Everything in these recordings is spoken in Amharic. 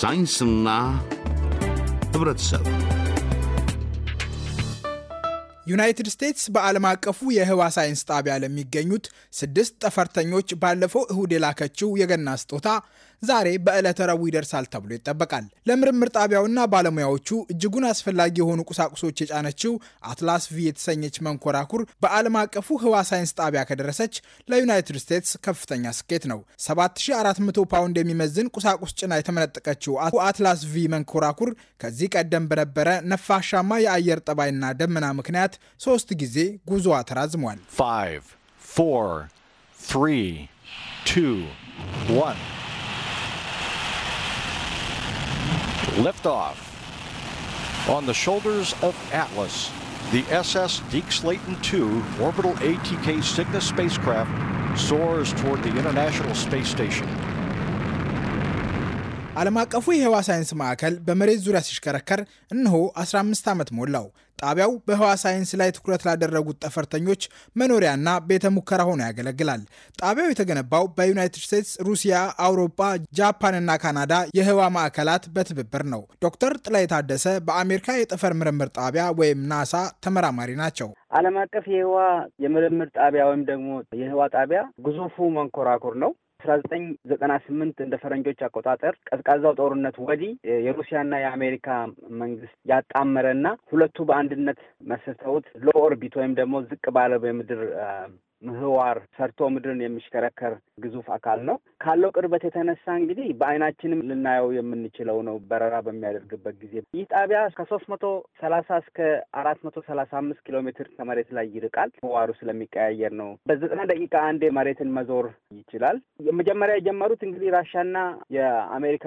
ሳይንስና ህብረተሰብ ዩናይትድ ስቴትስ በዓለም አቀፉ የህዋ ሳይንስ ጣቢያ ለሚገኙት ስድስት ጠፈርተኞች ባለፈው እሁድ የላከችው የገና ስጦታ ዛሬ በዕለተ ረቡዕ ይደርሳል ተብሎ ይጠበቃል። ለምርምር ጣቢያውና ባለሙያዎቹ እጅጉን አስፈላጊ የሆኑ ቁሳቁሶች የጫነችው አትላስ ቪ የተሰኘች መንኮራኩር በዓለም አቀፉ ህዋ ሳይንስ ጣቢያ ከደረሰች ለዩናይትድ ስቴትስ ከፍተኛ ስኬት ነው። 7400 ፓውንድ የሚመዝን ቁሳቁስ ጭና የተመነጠቀችው አትላስ ቪ መንኮራኩር ከዚህ ቀደም በነበረ ነፋሻማ የአየር ጠባይና ደመና ምክንያት ሶስት ጊዜ ጉዞዋ ተራዝሟል። 5 4 3 2 1 Liftoff on the shoulders of Atlas. The SS Deke Slayton II orbital ATK Cygnus spacecraft soars toward the International Space Station. ዓለም አቀፉ የህዋ ሳይንስ ማዕከል በመሬት ዙሪያ ሲሽከረከር እነሆ 15 ዓመት ሞላው። ጣቢያው በህዋ ሳይንስ ላይ ትኩረት ላደረጉት ጠፈርተኞች መኖሪያና ቤተ ሙከራ ሆኖ ያገለግላል። ጣቢያው የተገነባው በዩናይትድ ስቴትስ፣ ሩሲያ፣ አውሮፓ፣ ጃፓንና ካናዳ የህዋ ማዕከላት በትብብር ነው። ዶክተር ጥላይ ታደሰ በአሜሪካ የጠፈር ምርምር ጣቢያ ወይም ናሳ ተመራማሪ ናቸው። ዓለም አቀፍ የህዋ የምርምር ጣቢያ ወይም ደግሞ የህዋ ጣቢያ ግዙፉ መንኮራኩር ነው። አስራ ዘጠኝ ዘጠና ስምንት እንደ ፈረንጆች አቆጣጠር ቀዝቃዛው ጦርነት ወዲህ የሩሲያና የአሜሪካ መንግስት ያጣመረና ሁለቱ በአንድነት መስርተውት ሎ ኦርቢት ወይም ደግሞ ዝቅ ባለ የምድር ምህዋር ሰርቶ ምድርን የሚሽከረከር ግዙፍ አካል ነው። ካለው ቅርበት የተነሳ እንግዲህ በአይናችንም ልናየው የምንችለው ነው። በረራ በሚያደርግበት ጊዜ ይህ ጣቢያ ከሶስት መቶ ሰላሳ እስከ አራት መቶ ሰላሳ አምስት ኪሎ ሜትር ከመሬት ላይ ይርቃል። ምህዋሩ ስለሚቀያየር ነው። በዘጠና ደቂቃ አንዴ መሬትን መዞር ይችላል። መጀመሪያ የጀመሩት እንግዲህ ራሻና የአሜሪካ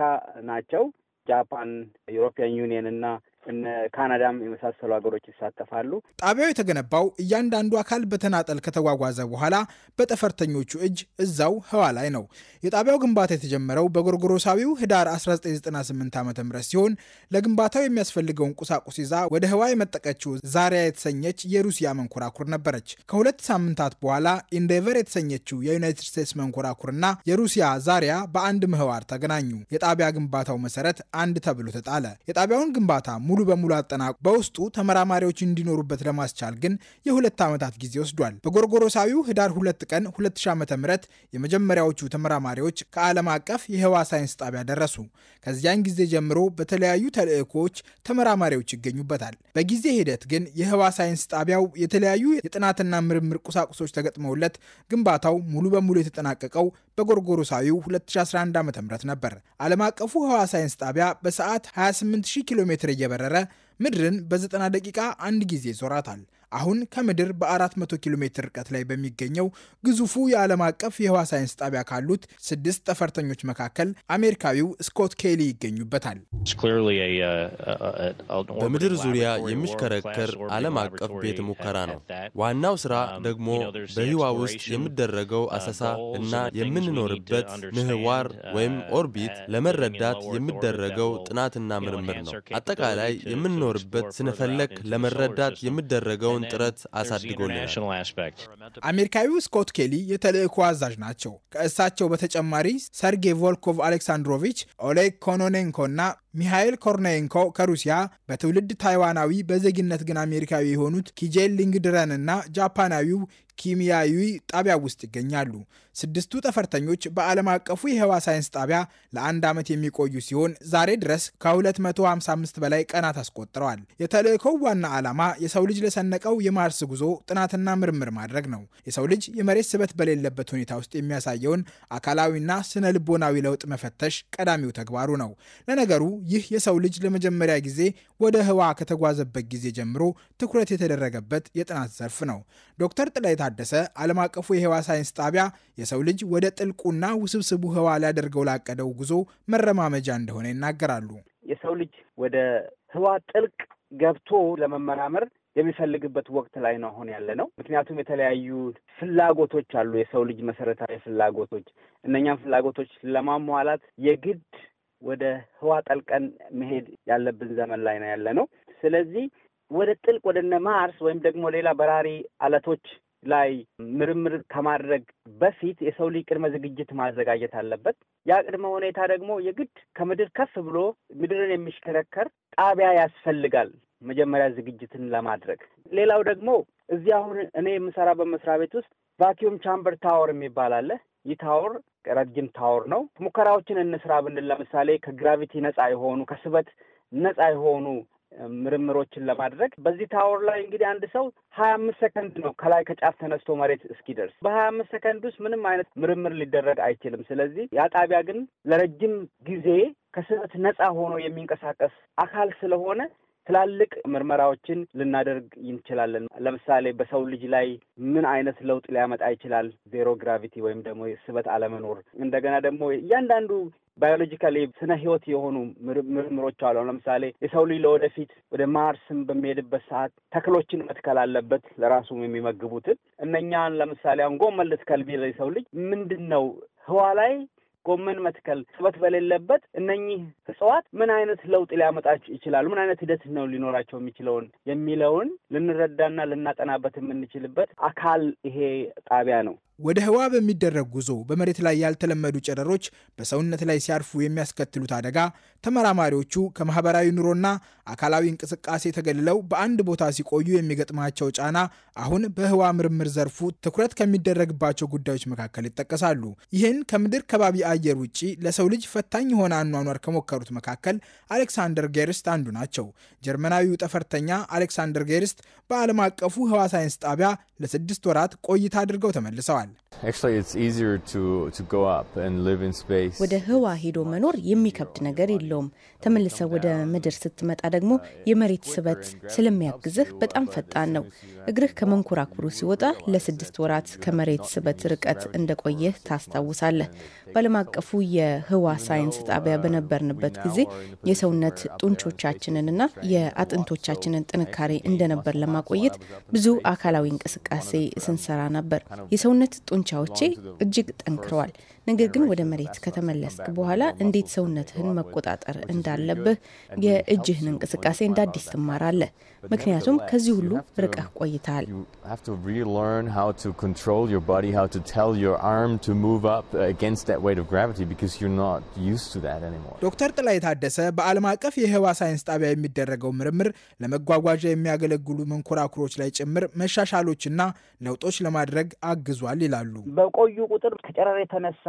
ናቸው። ጃፓን፣ ዩሮፒያን ዩኒየን እና እነ ካናዳም የመሳሰሉ ሀገሮች ይሳተፋሉ። ጣቢያው የተገነባው እያንዳንዱ አካል በተናጠል ከተጓጓዘ በኋላ በጠፈርተኞቹ እጅ እዛው ህዋ ላይ ነው። የጣቢያው ግንባታ የተጀመረው በጎርጎሮሳዊው ህዳር 1998 ዓ ም ሲሆን ለግንባታው የሚያስፈልገውን ቁሳቁስ ይዛ ወደ ህዋ የመጠቀችው ዛሪያ የተሰኘች የሩሲያ መንኮራኩር ነበረች። ከሁለት ሳምንታት በኋላ ኢንዴቨር የተሰኘችው የዩናይትድ ስቴትስ መንኮራኩርና የሩሲያ ዛሪያ በአንድ ምህዋር ተገናኙ። የጣቢያ ግንባታው መሰረት አንድ ተብሎ ተጣለ። የጣቢያውን ግንባታ ሙሉ በሙሉ አጠናቆ በውስጡ ተመራማሪዎች እንዲኖሩበት ለማስቻል ግን የሁለት ዓመታት ጊዜ ወስዷል። በጎርጎሮሳዊው ህዳር 2 ቀን 2000 ዓ ም የመጀመሪያዎቹ ተመራማሪዎች ከዓለም አቀፍ የህዋ ሳይንስ ጣቢያ ደረሱ። ከዚያን ጊዜ ጀምሮ በተለያዩ ተልእኮዎች ተመራማሪዎች ይገኙበታል። በጊዜ ሂደት ግን የህዋ ሳይንስ ጣቢያው የተለያዩ የጥናትና ምርምር ቁሳቁሶች ተገጥመውለት ግንባታው ሙሉ በሙሉ የተጠናቀቀው በጎርጎሮሳዊው 2011 ዓ ም ነበር። ዓለም አቀፉ ህዋ ሳይንስ ጣቢያ በሰዓት 28000 ኪሎ ሜትር እየበረ እየበረረ ምድርን በ ደቂቃ አንድ ጊዜ ይዞራታል። አሁን ከምድር በ400 ኪሎ ሜትር ርቀት ላይ በሚገኘው ግዙፉ የዓለም አቀፍ የህዋ ሳይንስ ጣቢያ ካሉት ስድስት ጠፈርተኞች መካከል አሜሪካዊው ስኮት ኬሊ ይገኙበታል። uh, uh, በምድር ዙሪያ የሚሽከረከር ዓለም አቀፍ ቤተ ሙከራ ነው። um, ዋናው ስራ ደግሞ በህዋ ውስጥ የሚደረገው uh, አሰሳ እና የምንኖርበት ምህዋር ወይም ኦርቢት ለመረዳት የሚደረገው ጥናትና ምርምር ነው። አጠቃላይ የምንኖርበት ስንፈለግ ለመረዳት የሚደረገው። የሚለውን ጥረት አሳድጎልናል። አሜሪካዊው ስኮት ኬሊ የተልእኮ አዛዥ ናቸው። ከእሳቸው በተጨማሪ ሰርጌይ ቮልኮቭ አሌክሳንድሮቪች፣ ኦሌግ ኮኖኔንኮ እና ሚሃኤል ኮርኔንኮ ከሩሲያ በትውልድ ታይዋናዊ በዜግነት ግን አሜሪካዊ የሆኑት ኪጄል ሊንግድረን እና ጃፓናዊው ኪሚያዊ ጣቢያ ውስጥ ይገኛሉ። ስድስቱ ጠፈርተኞች በዓለም አቀፉ የህዋ ሳይንስ ጣቢያ ለአንድ ዓመት የሚቆዩ ሲሆን ዛሬ ድረስ ከ255 በላይ ቀናት አስቆጥረዋል። የተልእኮው ዋና ዓላማ የሰው ልጅ ለሰነቀው የማርስ ጉዞ ጥናትና ምርምር ማድረግ ነው። የሰው ልጅ የመሬት ስበት በሌለበት ሁኔታ ውስጥ የሚያሳየውን አካላዊና ስነ ልቦናዊ ለውጥ መፈተሽ ቀዳሚው ተግባሩ ነው። ለነገሩ ይህ የሰው ልጅ ለመጀመሪያ ጊዜ ወደ ህዋ ከተጓዘበት ጊዜ ጀምሮ ትኩረት የተደረገበት የጥናት ዘርፍ ነው። ዶክተር ጥላይታ ታደሰ ዓለም አቀፉ የህዋ ሳይንስ ጣቢያ የሰው ልጅ ወደ ጥልቁና ውስብስቡ ህዋ ሊያደርገው ላቀደው ጉዞ መረማመጃ እንደሆነ ይናገራሉ። የሰው ልጅ ወደ ህዋ ጥልቅ ገብቶ ለመመራመር የሚፈልግበት ወቅት ላይ ነው አሁን ያለ ነው። ምክንያቱም የተለያዩ ፍላጎቶች አሉ። የሰው ልጅ መሰረታዊ ፍላጎቶች፣ እነኛም ፍላጎቶች ለማሟላት የግድ ወደ ህዋ ጠልቀን መሄድ ያለብን ዘመን ላይ ነው ያለ ነው። ስለዚህ ወደ ጥልቅ ወደነ ማርስ ወይም ደግሞ ሌላ በራሪ አለቶች ላይ ምርምር ከማድረግ በፊት የሰው ልጅ ቅድመ ዝግጅት ማዘጋጀት አለበት። ያ ቅድመ ሁኔታ ደግሞ የግድ ከምድር ከፍ ብሎ ምድርን የሚሽከረከር ጣቢያ ያስፈልጋል፣ መጀመሪያ ዝግጅትን ለማድረግ። ሌላው ደግሞ እዚህ አሁን እኔ የምሰራ በመስሪያ ቤት ውስጥ ቫኪዩም ቻምበር ታወር የሚባል አለ። ይህ ታወር ረጅም ታወር ነው። ሙከራዎችን እንስራ ብንል ለምሳሌ ከግራቪቲ ነፃ የሆኑ ከስበት ነፃ የሆኑ ምርምሮችን ለማድረግ በዚህ ታወር ላይ እንግዲህ አንድ ሰው ሀያ አምስት ሰከንድ ነው ከላይ ከጫፍ ተነስቶ መሬት እስኪደርስ በሀያ አምስት ሰከንድ ውስጥ ምንም አይነት ምርምር ሊደረግ አይችልም። ስለዚህ ያ ጣቢያ ግን ለረጅም ጊዜ ከስበት ነፃ ሆኖ የሚንቀሳቀስ አካል ስለሆነ ትላልቅ ምርመራዎችን ልናደርግ እንችላለን። ለምሳሌ በሰው ልጅ ላይ ምን አይነት ለውጥ ሊያመጣ ይችላል? ዜሮ ግራቪቲ ወይም ደግሞ ስበት አለመኖር። እንደገና ደግሞ እያንዳንዱ ባዮሎጂካሊ ስነ ህይወት የሆኑ ምርምሮች አሉ። ለምሳሌ የሰው ልጅ ለወደፊት ወደ ማርስም በሚሄድበት ሰዓት ተክሎችን መትከል አለበት፣ ለራሱ የሚመግቡትን እነኛን። ለምሳሌ አሁን ጎመን ልትከል ቢል የሰው ልጅ ምንድን ነው ህዋ ላይ ጎመን መትከል እርጥበት በሌለበት እነኚህ እጽዋት ምን አይነት ለውጥ ሊያመጣች ይችላሉ? ምን አይነት ሂደት ነው ሊኖራቸው የሚችለውን የሚለውን ልንረዳና ልናጠናበት የምንችልበት አካል ይሄ ጣቢያ ነው። ወደ ህዋ በሚደረግ ጉዞ በመሬት ላይ ያልተለመዱ ጨረሮች በሰውነት ላይ ሲያርፉ የሚያስከትሉት አደጋ ተመራማሪዎቹ ከማህበራዊ ኑሮና አካላዊ እንቅስቃሴ ተገልለው በአንድ ቦታ ሲቆዩ የሚገጥማቸው ጫና አሁን በህዋ ምርምር ዘርፉ ትኩረት ከሚደረግባቸው ጉዳዮች መካከል ይጠቀሳሉ። ይህን ከምድር ከባቢ አየር ውጭ ለሰው ልጅ ፈታኝ የሆነ አኗኗር ከሞከሩት መካከል አሌክሳንደር ጌርስት አንዱ ናቸው። ጀርመናዊው ጠፈርተኛ አሌክሳንደር ጌርስት በዓለም አቀፉ ህዋ ሳይንስ ጣቢያ ለስድስት ወራት ቆይታ አድርገው ተመልሰዋል። ተናግረዋል። ወደ ህዋ ሄዶ መኖር የሚከብድ ነገር የለውም። ተመልሰ ወደ ምድር ስትመጣ ደግሞ የመሬት ስበት ስለሚያግዝህ በጣም ፈጣን ነው። እግርህ ከመንኮራኩሩ ሲወጣ ለስድስት ወራት ከመሬት ስበት ርቀት እንደቆየህ ታስታውሳለህ። በዓለም አቀፉ የህዋ ሳይንስ ጣቢያ በነበርንበት ጊዜ የሰውነት ጡንቾቻችንንና የአጥንቶቻችንን ጥንካሬ እንደነበር ለማቆየት ብዙ አካላዊ እንቅስቃሴ ስንሰራ ነበር። የሰውነት ጡንቻዎቼ እጅግ ጠንክረዋል። ነገር ግን ወደ መሬት ከተመለስክ በኋላ እንዴት ሰውነትህን መቆጣጠር እንዳለብህ የእጅህን እንቅስቃሴ እንደ አዲስ ትማራለህ። ምክንያቱም ከዚህ ሁሉ ርቀህ ቆይተሃል። ዶክተር ጥላይ ታደሰ በዓለም አቀፍ የህዋ ሳይንስ ጣቢያ የሚደረገው ምርምር ለመጓጓዣ የሚያገለግሉ መንኮራኩሮች ላይ ጭምር መሻሻሎችና ለውጦች ለማድረግ አግዟል ይላሉ። በቆዩ ቁጥር ከጨረር የተነሳ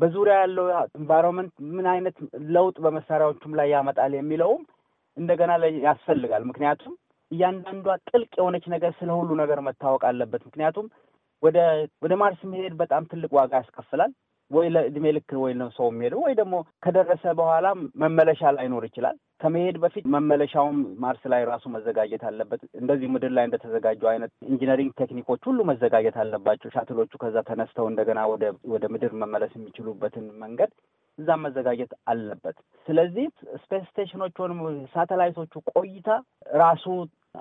በዙሪያ ያለው ኤንቫይሮንመንት ምን አይነት ለውጥ በመሳሪያዎቹም ላይ ያመጣል የሚለውም እንደገና ላይ ያስፈልጋል። ምክንያቱም እያንዳንዷ ጥልቅ የሆነች ነገር ስለ ሁሉ ነገር መታወቅ አለበት። ምክንያቱም ወደ ማርስ መሄድ በጣም ትልቅ ዋጋ ያስከፍላል። ወይ ለእድሜ ልክ ወይ ነው ሰው የሚሄደው ወይ ደግሞ ከደረሰ በኋላ መመለሻ ላይኖር ይችላል። ከመሄድ በፊት መመለሻውም ማርስ ላይ ራሱ መዘጋጀት አለበት። እንደዚህ ምድር ላይ እንደተዘጋጁ አይነት ኢንጂነሪንግ ቴክኒኮች ሁሉ መዘጋጀት አለባቸው። ሻትሎቹ ከዛ ተነስተው እንደገና ወደ ምድር መመለስ የሚችሉበትን መንገድ እዛም መዘጋጀት አለበት። ስለዚህ ስፔስ ስቴሽኖች ወይም ሳተላይቶቹ ቆይታ ራሱ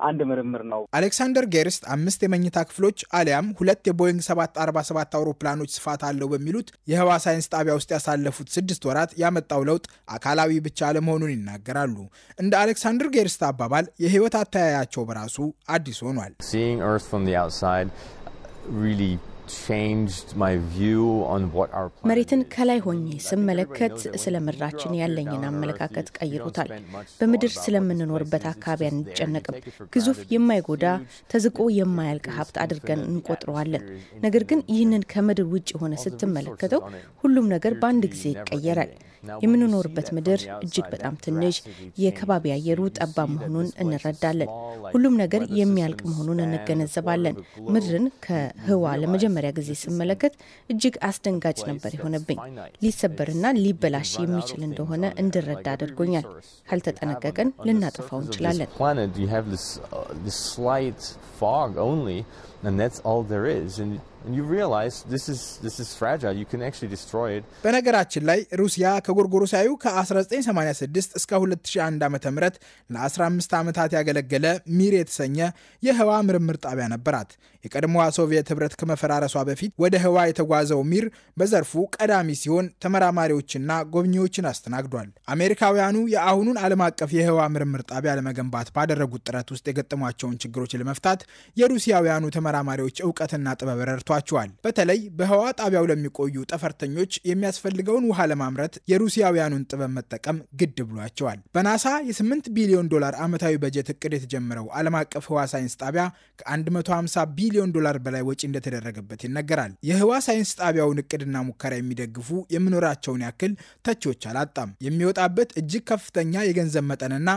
አንድ ምርምር ነው። አሌክሳንደር ጌርስት አምስት የመኝታ ክፍሎች አሊያም ሁለት የቦይንግ 747 አውሮፕላኖች ስፋት አለው በሚሉት የህዋ ሳይንስ ጣቢያ ውስጥ ያሳለፉት ስድስት ወራት ያመጣው ለውጥ አካላዊ ብቻ አለመሆኑን ይናገራሉ። እንደ አሌክሳንደር ጌርስት አባባል የህይወት አተያያቸው በራሱ አዲስ ሆኗል። መሬትን ከላይ ሆኜ ስመለከት ስለ ምድራችን ያለኝን አመለካከት ቀይሮታል። በምድር ስለምንኖርበት አካባቢ አንጨነቅም። ግዙፍ የማይጎዳ ተዝቆ የማያልቅ ሀብት አድርገን እንቆጥረዋለን። ነገር ግን ይህንን ከምድር ውጭ የሆነ ስትመለከተው ሁሉም ነገር በአንድ ጊዜ ይቀየራል። የምንኖርበት ምድር እጅግ በጣም ትንሽ፣ የከባቢ አየሩ ጠባብ መሆኑን እንረዳለን። ሁሉም ነገር የሚያልቅ መሆኑን እንገነዘባለን። ምድርን ከህዋ ለመጀመሪያ ለመጀመሪያ ጊዜ ስመለከት እጅግ አስደንጋጭ ነበር የሆነብኝ። ሊሰበርና ሊበላሽ የሚችል እንደሆነ እንድረዳ አድርጎኛል። ካልተጠነቀቀን ልናጠፋው እንችላለን። በነገራችን ላይ ሩሲያ ከጎርጎሮሳዊው ከ1986 እስከ 2001 ዓ ም ለ15 ዓመታት ያገለገለ ሚር የተሰኘ የህዋ ምርምር ጣቢያ ነበራት። የቀድሞዋ ሶቪየት ህብረት ከመፈራረሷ በፊት ወደ ህዋ የተጓዘው ሚር በዘርፉ ቀዳሚ ሲሆን ተመራማሪዎችና ጎብኚዎችን አስተናግዷል። አሜሪካውያኑ የአሁኑን ዓለም አቀፍ የህዋ ምርምር ጣቢያ ለመገንባት ባደረጉት ጥረት ውስጥ የገጠሟቸውን ችግሮች ለመፍታት የሩሲያውያኑ ተመራማሪዎች እውቀትና ጥበብ ረድቷል። ተገፋችኋል። በተለይ በህዋ ጣቢያው ለሚቆዩ ጠፈርተኞች የሚያስፈልገውን ውሃ ለማምረት የሩሲያውያኑን ጥበብ መጠቀም ግድ ብሏቸዋል። በናሳ የ8 ቢሊዮን ዶላር ዓመታዊ በጀት እቅድ የተጀመረው ዓለም አቀፍ ህዋ ሳይንስ ጣቢያ ከ150 ቢሊዮን ዶላር በላይ ወጪ እንደተደረገበት ይነገራል። የህዋ ሳይንስ ጣቢያውን እቅድና ሙከራ የሚደግፉ የመኖራቸውን ያክል ተቺዎች አላጣም። የሚወጣበት እጅግ ከፍተኛ የገንዘብ መጠንና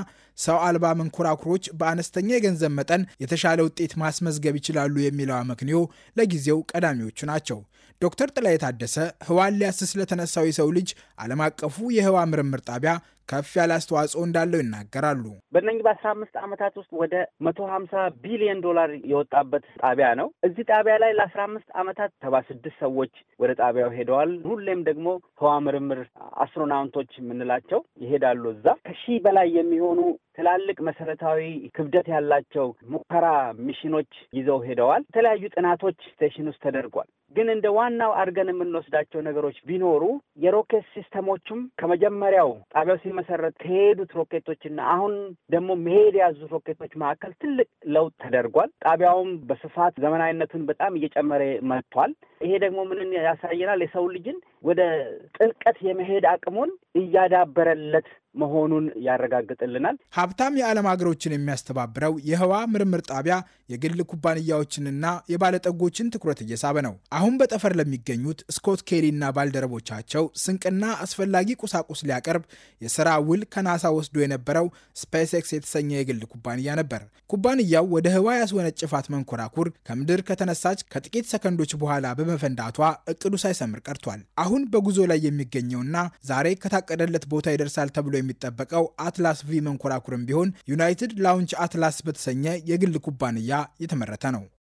ሰው አልባ መንኮራኩሮች በአነስተኛ የገንዘብ መጠን የተሻለ ውጤት ማስመዝገብ ይችላሉ የሚለው አመክንዮ ለጊዜው ቀዳሚዎቹ ናቸው። ዶክተር ጥላይ ታደሰ ህዋን ሊያስስ ለተነሳው የሰው ልጅ ዓለም አቀፉ የህዋ ምርምር ጣቢያ ከፍ ያለ አስተዋጽኦ እንዳለው ይናገራሉ። በእነኝህ በአስራ አምስት ዓመታት ውስጥ ወደ መቶ ሀምሳ ቢሊዮን ዶላር የወጣበት ጣቢያ ነው። እዚህ ጣቢያ ላይ ለአስራ አምስት ዓመታት ሰባ ስድስት ሰዎች ወደ ጣቢያው ሄደዋል። ሁሌም ደግሞ ህዋ ምርምር አስትሮናውንቶች የምንላቸው ይሄዳሉ እዛ ከሺህ በላይ የሚሆኑ ትላልቅ መሰረታዊ ክብደት ያላቸው ሙከራ ሚሽኖች ይዘው ሄደዋል። የተለያዩ ጥናቶች ስቴሽን ውስጥ ተደርጓል። ግን እንደ ዋናው አድርገን የምንወስዳቸው ነገሮች ቢኖሩ የሮኬት ሲስተሞቹም ከመጀመሪያው ጣቢያው ሲመሰረት ከሄዱት ሮኬቶችና አሁን ደግሞ መሄድ የያዙት ሮኬቶች መካከል ትልቅ ለውጥ ተደርጓል። ጣቢያውም በስፋት ዘመናዊነቱን በጣም እየጨመረ መጥቷል። ይሄ ደግሞ ምንን ያሳየናል? የሰው ልጅን ወደ ጥልቀት የመሄድ አቅሙን እያዳበረለት መሆኑን ያረጋግጥልናል። ሀብታም የዓለም ሀገሮችን የሚያስተባብረው የህዋ ምርምር ጣቢያ የግል ኩባንያዎችንና የባለጠጎችን ትኩረት እየሳበ ነው። አሁን በጠፈር ለሚገኙት ስኮት ኬሊና ባልደረቦቻቸው ስንቅና አስፈላጊ ቁሳቁስ ሊያቀርብ የስራ ውል ከናሳ ወስዶ የነበረው ስፔስ ኤክስ የተሰኘ የግል ኩባንያ ነበር። ኩባንያው ወደ ህዋ ያስወነጭፋት መንኮራኩር ከምድር ከተነሳች ከጥቂት ሰከንዶች በኋላ በመፈንዳቷ እቅዱ ሳይሰምር ቀርቷል። አሁን በጉዞ ላይ የሚገኘውና ዛሬ ከታቀደለት ቦታ ይደርሳል ተብሎ የሚጠበቀው አትላስ ቪ መንኮራኩርም ቢሆን ዩናይትድ ላውንች አትላስ በተሰኘ የግል ኩባንያ የተመረተ ነው።